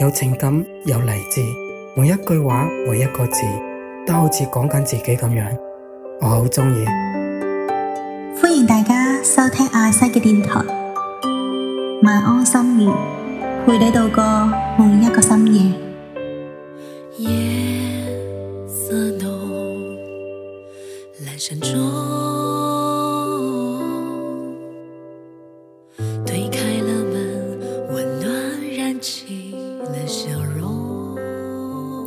有情感，有勵志，每一句話，每一個字，都好似講緊自己咁樣，我好鍾意。歡迎大家收聽阿西嘅電台，晚安心願，陪你度過每一個深夜。夜色濃，